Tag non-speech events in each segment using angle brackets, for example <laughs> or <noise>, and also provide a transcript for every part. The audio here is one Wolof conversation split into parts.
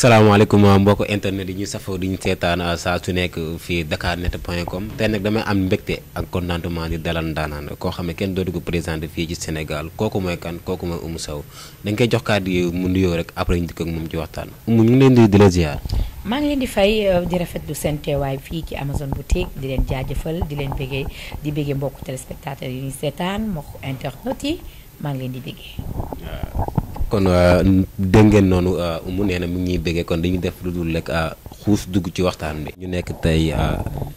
salaamaaleykum ah, mbokk internet yi ñu safoo di ñu seetaan ah, saa su nekk fii dakarnet.com tey nag damay am mbégte ak contentement di dalal ndaanaan koo xam ne kenn dootu ko présenté fii ci Sénégal kooku mooy kan kooku mooy Oumou Sow dañ koy jox kàddu yi mu nuyoo rek après ñu dikk ak moom ci waxtaan Oumou ñu ngi leen di di la maa ngi leen di fay euh, di rafetlu seen teewaay fii ci Amazon boutique di leen jaajëfal di leen bëggee di bëggee mbokku téléspectateurs yi ñuy seetaan mbokku internet yi maa ngi leen di bëggee. kon euh, dégg ngeen noonu euh, mu nee na mu ngi ñuy bëggee kon dañuy def lu dul rek euh, xuus dugg ci waxtaan bi. ñu nekk tey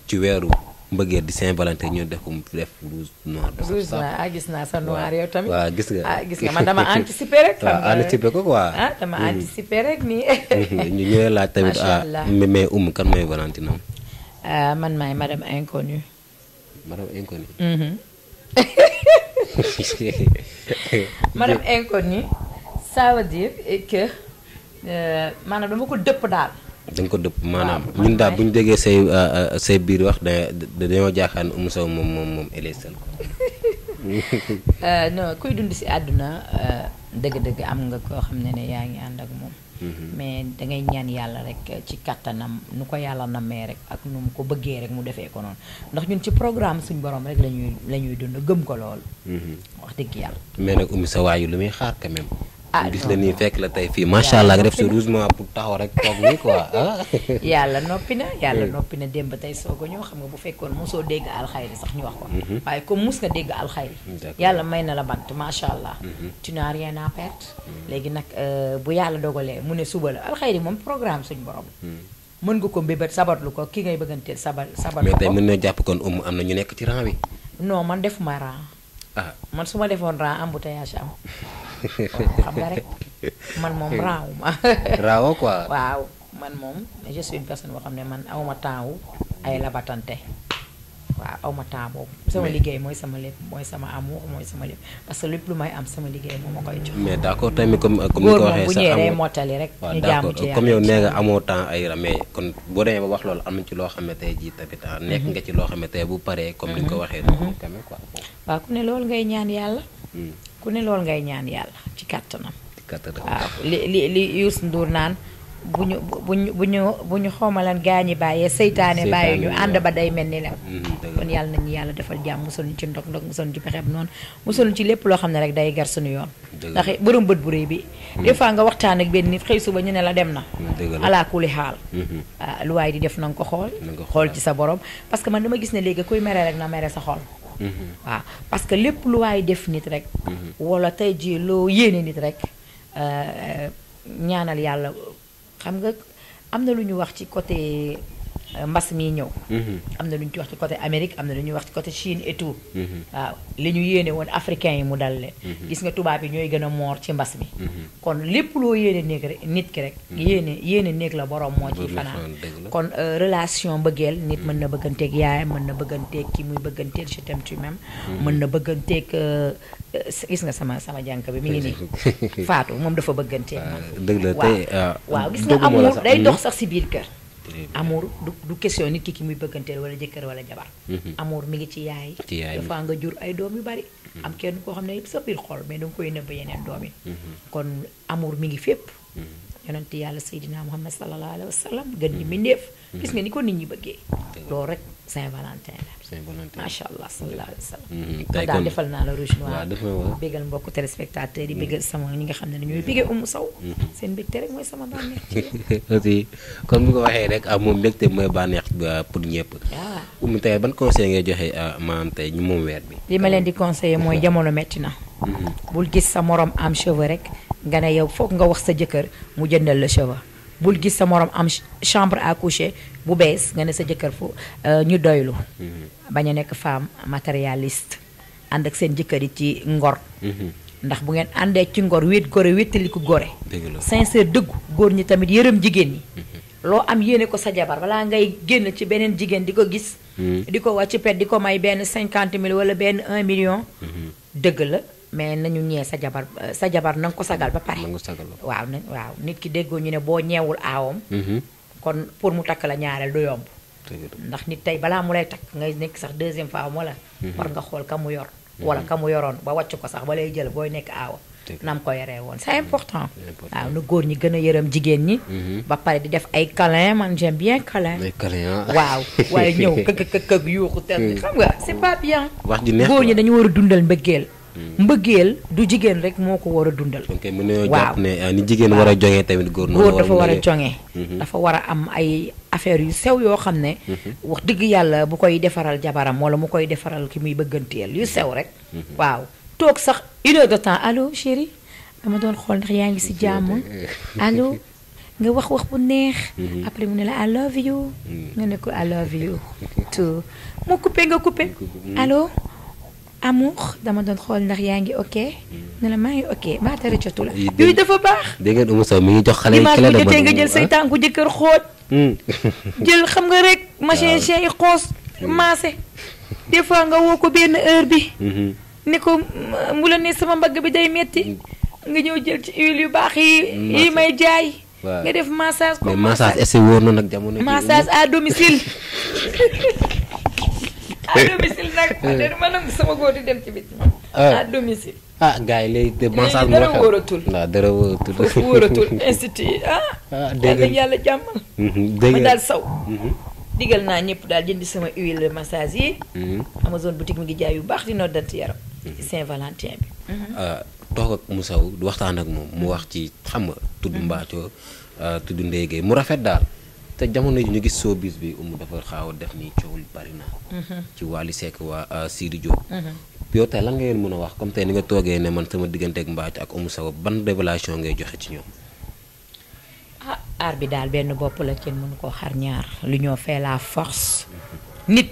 ci weeru mbëggeel di Saint-Valentin ñu def mu def rouge noir. rouge ah, gis naa sa noir gis nga ah, gis nga man dama <laughs> anticiper rek. ko quoi. ah dama mm-hmm. anticiper rek nii. <laughs> Mm-hmm. ñu ñëwee laaj tamit. macha ah, allah mais umu kan mooy Valentine man maay madame inconnue. madame inconnue. Mm-hmm. <laughs> madame inconnue. ça veut dire euh, maanaam dama ko dëpp daal. da ko dëpp maanaam ñun daal bu ñu déggee say euh, euh, say biir wax da dañoo jaaxaan Oumou Sow moom moom moom éleesal <laughs> ko. non kuy dund si àdduna dëgg-dëgg am nga koo xam ne ne yaa ngi ànd ak moom. Mhm. mais dangay ñaan yàlla rek ci kattanam nu ko yàlla namee rek ak nu mu ko bëggee rek mu defee ko ndax ñun ci programme suñ borom rek lañuy la ñuy dund gëm ko lool. Mhm. wax dëgg yàlla. mais nag Oumou sa waayu lu muy xaar ka même. ah gis la nii fekk la tey fii macha allah nga def sa rougement pour taxaw rek toog nii quoi ah. <laughs> yàlla noppi na yàlla mm. noppi na démb tey soog a ñëw xam nga bu fekkoon mosoo dégg alxayri sax ñu wax ko. Mm-hmm. waaye comme mus nga dégg alxayri. yàlla may na la bant macha allah. Mm-hmm. tu n'as rien à perdre. Mm-hmm. léegi nag euh, bu yàlla dogalee mu ne suba la alxayri moom programme suñu borom. Mm. mën nga ko mbébét sabatlu ko ki ngay bëgganteel sabat sabatlu ko mais tey mën na jàpp kon um am na ñu nekk ci bi. non man defuma rang. Ah. man su ma defoon rang embouteillage am. <laughs> xam nga rek man moom raawuma. raawoo quoi. waaw man moom je suis une personne boo xam ne man awma temps wu ay labatante waaw awma temps boobu. sama liggéey mooy sama lépp mooy sama amour mooy sama lépp parce que lépp lu may am sama liggéey moo ma koy comme euh, ko waxee sax góor moom bu ñëwee mottali rek. ñu jaamu ci yàlla comme yow nee nga amoo temps ay ramé kon boo demee ba wax loolu am na ci loo xam ne tey jii tamit ah, mhm. nekk nga ci loo xam ne tey bu paree. comme ni ko mhm. waxee. tamit mhm. quoi. waaw ku ne loolu ngay ñaan yàlla. Hmm. ku ne loolu ngay ñaan yàlla ci kàttanam waaw li li li Youssou naan bu ñu bu ñu bu ñu bu ñu xoomalan gaa ñi bàyyee seytaane bàyyi ñu ànd ba day mel ni lew mm-hmm, kon yàlla nañu yàlla defal jàmm musal ñu ci ndog ndog musal ñu ci pexeb noonu musal ñu ci lépp loo xam ne rek day gar suñu yoon ndax borom bët bu réy bi mm-hmm. des fois nga waxtaan ak benn nit xëy suba ñu ne la dem na mm-hmm, ala xaal ah, lu waay di def na ko xool xool ci sa borom parce que man dama gis ne léegi kuy mere rek na mere sa xol waaw mm-hmm. ah, parce que lépp lu waay def nit rek. Mm-hmm. wala tey jii loo yéene nit rek euh, ñaanal yàlla xam nga am na lu ñu wax ci côté Euh, mbas mi ñëw. Mhm. am na lu ñu ci wax ci côté Amérique am na lu wax ci côté Chine et mhm. waaw li ñu yéene woon africain yi mu dal leen. Mhm. gis nga tubaab yi ñooy gën a moor ci mbas mi. kon lépp loo yéene néeg rek nit ki rek. yéene yéene néeg la borom moo ci fanaan kon euh, relation bëggeel nit mën na bëgganteeg yaayam mën na bëgganteeg ki muy bëgganteeg je t'aime tu m'aimes mën na bëgganteeg euh, gis nga sama sama jànk bi mu ngi nii. <laughs> Fatou moom dafa bëgganteeg. Ah, dëgg la tey ah, waaw gis nga amul sax si biir kër. amour du du question nit ki ki muy bëgganteel wala jëkkër wala jabar mhm. amour mi ngi ci yaay dafa nga jur ay doom yu bari mhm. am kenn koo xam ne sa biir xol mais danga koy nëbb yeneen doom yi mhm. kon amour mi ngi fépp yonent yàlla Seydina Muhammad sallallahu alayhi wa sallam gën ñi mbindéef gis nga ni ko nit ñi bëggee loolu rek Saint Valentin la. Saint Valentin macha allah sallallahu alayhi wa sallam. Mm-hmm. tey daal defal naa la rouge noir. waaw bégal mbokku téléspectateurs yi bégal mm-hmm. sama ñi nga xam ne ñooy béggee umu saw. Mm-hmm. seen mbégte rek mooy sama bànneex ci <laughs> aussi kon rek ah, moom mbégte mooy bànneex ah, pour ñëpp. waaw ah. umu tey ban conseil ngay joxe maam moom weer bi. li ma leen di conseiller mooy <laughs> jamono metti na. bul gis sa morom am cheveux rek nga ne yow foog nga wax sa jëkkër mu jëndal la cheveux. bul gis sa moroom am chambre à coucher bu bees nga ne sa jëkkër fu euh, ñu doylu mm-hmm. bañ a nekk femme matérialiste ànd ak seen jëkkër yi ci ngor mm-hmm. ndax bu ngeen àndee ci ngor wéet gore wéetaliku gore sincère dëggu góor ñi tamit yërëm jigéen ñi mm-hmm. loo am yéene ko sa jabar balaa ngay génn ci beneen jigéen di ko gis di ko wàcc pet di ko may benn cinquante mille wala benn un million dëgg la mais nañu ñee sa jabar sa jabar na ko sagal ba pare. na nga ko sagal waaw na waaw nit ki déggoo ñu ne boo ñeewul aawam. Mm-hmm. kon pour mu takk la ñaareel du yomb. ndax nit tey balaa mu lay takk ngay nekk sax deuxième fois wala. Mm-hmm. war nga xool ka mu yor. Mm-hmm. wala ka mu yoroon ba wàcc ko sax ba lay jël booy nekk aawam. nam ko yoree woon c'est important. waaw nu góor ñi gën a yërëm jigéen ñi. ba pare di def ay câlin man j'aime bien câlin. ay câlin ah. waaw waaye ñëw këgg këgg yuuxu tel <laughs> mm. xam nga wax ji neex góor ñi dañu war a dundal mbëggeel Hmm. mbëggeel du jigéen rek moo ko war a dundal. waaw euh, ni jigéen war a joŋee tamit góor. góor dafa war a joŋee. Mhm. dafa war a am ay affaire yu sew yoo xam ne. Mhm. wax dëgg yàlla bu koy defaral jabaram wala mu koy defaral ki muy bëgganteel yu sew rek. Mhm. waaw toog sax une de temps allo chérie dama doon xool ndax yaa ngi si jàmm <laughs> allo. nga wax wax bu neex. après mu ne la I love you. nga ne ko I love you too. mu coupé nga coupé. allo. amour dama doon xool ndax yaa ngi ok ne la maa ngi ok mbaa dara jotu la. yooyu dafa baax. dégg ngeen Oumou mi ngi jox xale yi clé de bonheur nga jël say ah. tànku jëkkër xooj. Hmm. <laughs> jël xam nga rek. <laughs> machine yi xoos hmm. maase. des fois nga woo ko benn heure bi. Hmm. ne ko mu la ne sama mbagg bi day metti nga ñëw jël ci huile yu baax yi. yi may jaay. nga def massage. ko massage est-ce que wóor na nag jamono. à domicile. <laughs> nag eh. man nag sama góor di dem ci biti. Eh. à domicile. ah ah, ah dégg yàlla jàmmal mm-hmm, saw mm-hmm. digal naa ñëpp daal jëndi sama huile massage yi mm-hmm. Amazon baax di noddanti yaram ci ah, waxtaan ak moom mu wax ci xam nga tudd mbaacoo ah, mu rafet daal te jamono ji ñu gis showbiz bi umu dafa xaaw a def ni coow li bari na. Mm-hmm. ci Wally Seck waa euh, Sidi Diop. Mm-hmm. yow tey lan nga leen mën a wax comme tey ni nga toogee ne man sama digganteeg Mbathio ak Oumou Sow ban révélation ngay joxe ci ñoom. ah aar bi daal benn bopp la kenn mënu koo xar ñaar lu ñoo fee la force. nit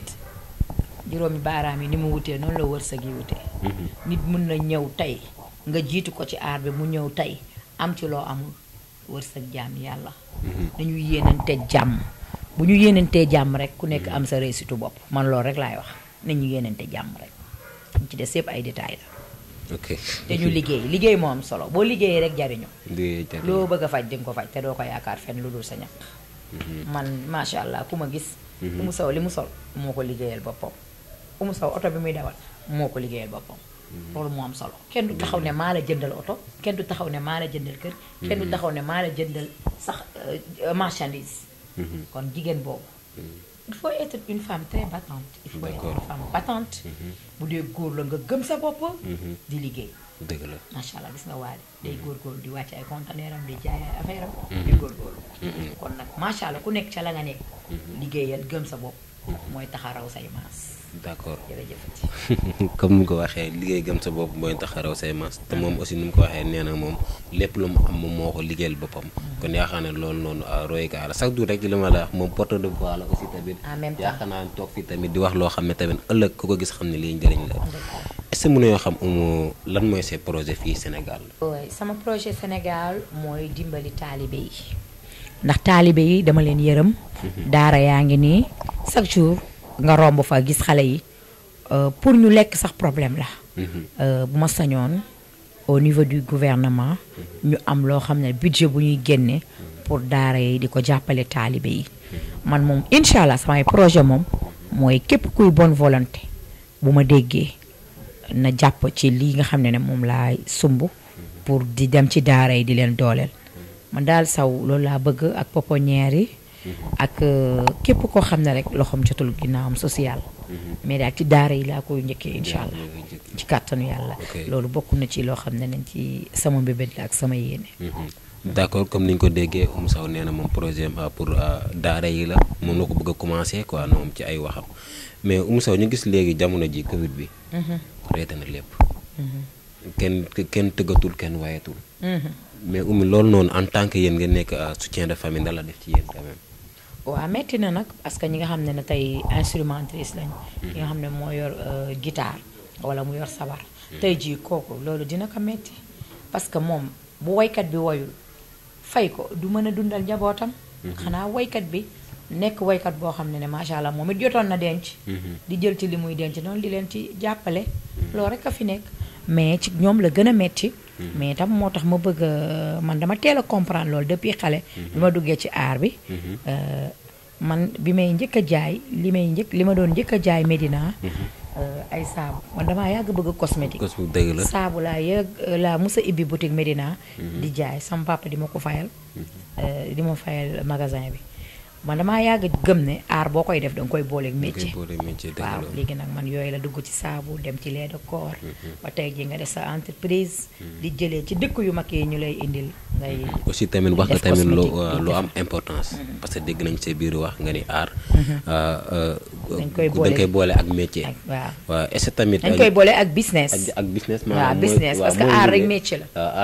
juróomi baaraam yi ni mu wutee noonu la wërsëg yi wutee. Mm-hmm. nit mën na ñëw tey nga jiitu ko ci aar bi mu ñëw tey am ci loo amul. wërsëg jaam yàlla. Mhm. nañu yéenante jàmm bu ñu yéenantee jàmm rek ku nekk mhm. am sa réussite bopp man loolu rek laay wax nañu yéenante jàmm rek ñu ci des yëpp ay détails la. ok te ñu liggéey liggéey moo am solo boo liggéeyee rek jariñu. loo bëgg a faj di ko faj te doo ko yaakaar fenn lu dul sa ñaq. Mhm. man macha allah ku ma gis. ku mu saw li mu sol moo ko liggéeyal boppam. ku mu saw oto bi muy dawal moo ko liggéeyal boppam. Mhm. loolu moo am solo kenn du taxaw ne maa la jëndal oto kenn du taxaw ne maa la jëndal kër kenn du mhm. taxaw ne maa la jëndal sax euh, marchandise mhm. kon jigéen boobu il faut être une femme très battante il faut être une femme battante bu dee góor la nga gëm sa bopp di liggéey dëgg la macha allah gis nga waale day góorgóorlu di wàcc ay conteneur di jaay ay affaire kon nag macha allah ku nekk ca la nga nekk liggéeyal gëm sa bopp mooy taxaraw say maas d'accord <laughs> comme ni ko waxee liggéey gam sa bopp mooy tax a raw say mas te moom aussi ni mu ko waxee nee na moom lépp lu mu am moom moo ko liggéeyal boppam. kon yaakaar ne loolu noonu ah, royukaay la chaque jour rek li ma la wax moom porte de voix tamit. toog fii tamit di wax loo xam ne tamit ëllëg ku ko gis xam ne lii njëriñ la. est-ce que mën nañoo lan mooy ses projets fii Sénégal. sama projet Sénégal mooy dimbali taalibe yi ndax taalibe yi dama leen yërëm. Mhm. daara yaa ngi nii chaque jour. nga romb fa gis xale yi euh, pour ñu lekk sax problème la. Mhm. Euh, bu ma sañoon au niveau du gouvernement. Mhm. ñu am loo xam ne budget bu ñuy génne. pour daara yi di ko jàppale taalibe yi. Mhm. man moom incha allah samay projet moom. mooy képp kuy bon volonté. bu ma déggee na jàpp ci lii nga xam ne ne moom laay sumb. pour di dem ci daara yi di leen dooleel. man daal saw loolu laa bëgg ak pouponnière yi. ak euh, képp koo xam ne rek loxoom jotul ginnaawam social. Mhm. mais daal ci daara yi laa koy njëkkee incha allah ci kàttanu yàlla. loolu bokk na ci loo xam ne nañ ci sama mbébét la ak sama yéene. Mhm. d' accord comme ni ko déggee Oumou Sow nee na moom projet ah, pour ah, daara yi la moom la ko bëgg a ci ay waxam mais Oumou Sow ñu gis léegi jamono ji Covid bi. Mhm. reete na lépp. kenn kenn tëggatul kenn waayatul. mais Oumou loolu noonu en tant que yéen nga nekk ah, soutien de famille nan def ci yéen quand waa metti na nag parce que ñi nga xam ne ne tey instrumentrice lañ ñi mm-hmm. nga xam ne moo yor euh, guitare wala mu yor sabar mm-hmm. tey jii kooku loolu dina ko metti parce que moom bu woykat bi woyul fay ko du mën a dundal njabootam mm-hmm. xanaa woykat bi nekk woykat boo xam ne ne macha allah moom it jotoon na denc di jël ci li muy denc noonu di leen ci jàppale loolu rek a fi nekk mais ci ñoom la gën a metti Mm-hmm. mais tam moo tax ma bëgg man dama teel a comprendre loolu depuis xale. Mm-hmm. bi ma duggee ci aar bi. Mm-hmm. Euh, man bi may njëkk a jaay li may njëkk li ma doon njëkk a jaay Medina. Euh, ay saabu man damaa yàgg bëgg cosmétique saabu laa yëg euh, laa musa ibbi boutique Medina. di jaay sama papa di ma ko fayal. di ma fayal magasin bi. man damaa yàgg gëm ne aar boo koy def danga koy booleeg métier waaw léegi nag man yooyu la dugg ci saabu dem ci lait de corps mm-hmm. ba tey ji nga def sa entreprise mm-hmm. di jëlee ci dëkk yu mag yi ñu lay indil ngay mm-hmm. aussi tamit wax nga tamit lu lu am importance parce que dégg nañ sa biir wax nga ni aar ah, ah, dañ koy boole ak métier waaw waaw est-ce que tamit dañ koy boole ak business ak business waaw business parce que ah, aar rek métier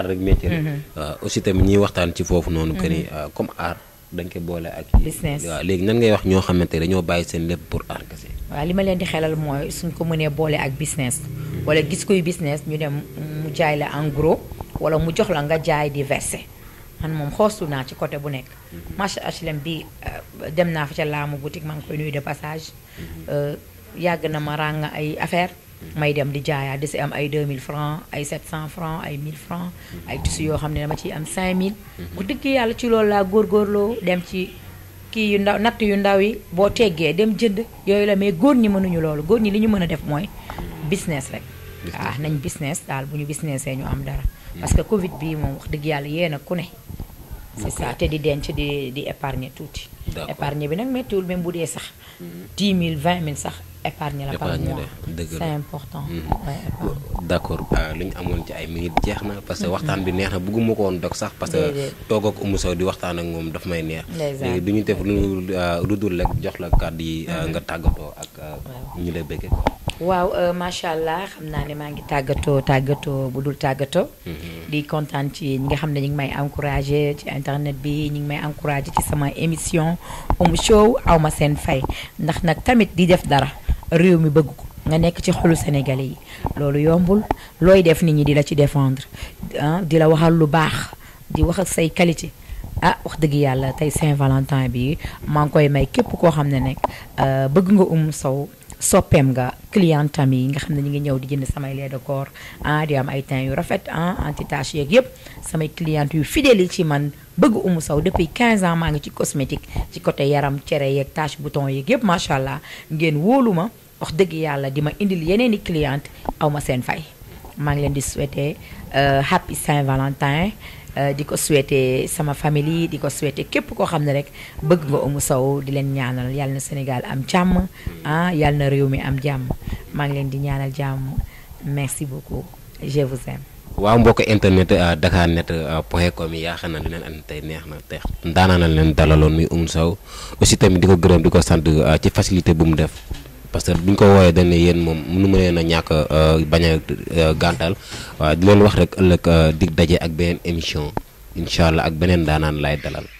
rek métier la tamit ñuy waxtaan ci foofu noonu que ni comme aar dañ koy boole ak. business léegi nan ngay wax ñoo xamante ne dañoo bàyyi seen lépp pour art kese. li ma leen di xelal mooy suñ ko mënee boole ak business. wala gis koy business ñu dem mu jaay la en gros wala mu jox la nga jaay di verser man moom xoostu naa ci côté bu nekk. Mm-hmm. marché HLM bi euh, dem naa fa ca laamu boutique maa ngi koy nuyu de passage. Mm-hmm. Euh, yàgg na ma ràng ay affaire Mhm. may dem di jaayaat di si am ay deux 2000 francs ay 700 francs ay mille francs ay mhm. tissu yoo xam ne dama ciy am mille mhm. ku dëkk yàlla ci loolu laa góorgóorloo dem ci kii yu ndaw natt yu ndaw yi boo teggee dem jënd yooyu la mais góor ñi mënuñu loolu góor ñi li ñu mën a def mooy business rek. waaw ah, nañ business daal bu ñu businessee ñu am dara. parce que Covid bii moom wax dëgg yàlla yéen nag ku ne. c'est ça te di denc di di épargner tuuti. épargne bi nag méttiwul même bu dee sax. 10 000 20 000 sax. épargne la par mois lu ñu amoon ci ay minutes jeex na parce que waxtaan bi neex na bëgguma ko woon dog sax parce que toog ak Oumou Sow di waxtaan ak moom dafa may neex. léegi du ñu def lu euh, lu dul rek jox la kàddu yi euh, nga tàggatoo ak euh, ñu lay bëggee. waaw macha allah xam naa ne maa ngi tàggatoo tàggatoo bu dul tàggatoo. Mhm. di kontaan ci ñi nga xam ne ñu ngi may encouragé ci internet bi ñu ngi may encouragé ci sama émission Oumou Sow aw seen fay ndax nag tamit di def dara. réew mi bëgg ko nga nekk ci xolu sénégalais yi loolu yombul looy def nit ñi di la ci défendre ah di la waxal lu baax di wax ak say qualité ah wax dëgg yàlla tey Saint-Valentin bi maa ngi koy may képp koo xam ne nekk euh, bëgg nga Oumou Sow soppeem nga clientam yi nga xam ne ñu ngi ñëw di jënd samay lait de corps ah di am ay teint yu rafet ah anti tache yeeg yëpp samay clientes yu fidèles ci man bëgg Oumou saw depuis 15 ans maa ngi ci cosmétique ci côté yaram cere yeeg tache bouton yeeg yëpp macha allah ngeen wóolu ma wax dëgg yàlla di ma indil yeneen i cliente aw ma seen fay. maa ngi leen di souhaiter euh, happy Saint-Valentin euh, di ko souhaiter sama famille di ko souhaiter képp koo xam ne rek bëgg nga Oumou Sow di leen ñaanal yàlla na Sénégal am jàmm ah yàlla na réew mi am jàmm maa ngi leen di ñaanal jàmm merci beaucoup je vous waaw mbokk internet euh, dakar net euh, point com yi yaakaar naa li leen ànd tey neex na te ndaanaanal leen dalaloon muy Oumou Sow aussi tamit di ko gërëm di ko sant euh, ci facilité bu mu def parce que bu ko wooyee dañ ne yéen moom mënu ma leen a ñàkk bañ a gàntal waaw di leen wax rek ëllëg dig daje ak beneen émission incha allah ak beneen daanaan lay dalal.